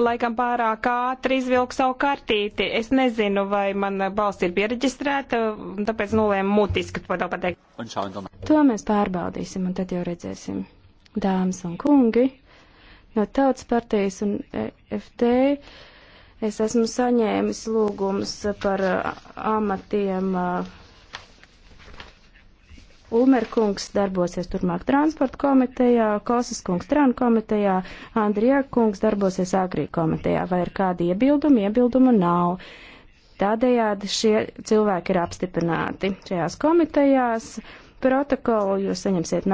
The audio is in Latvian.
laikam pārāk ātri izvilku savu kartīti. Es nezinu, vai mana balss ir pieregistrēta, tāpēc nolēmu mutiski to pateikt. To mēs pārbaudīsim un tad jau redzēsim. Dāmas un kungi, no Tautas partijas un e FD es esmu saņēmis lūgumus par amatiem. Uh, Ulmer kungs darbosies turmāk transporta komitejā, Kosas kungs trānu komitejā, Andrija kungs darbosies agrī komitejā. Vai ir kādi iebildumi? Iebildumu nav. Tādējādi šie cilvēki ir apstiprināti šajās komitejās. Protokolu jūs saņemsiet.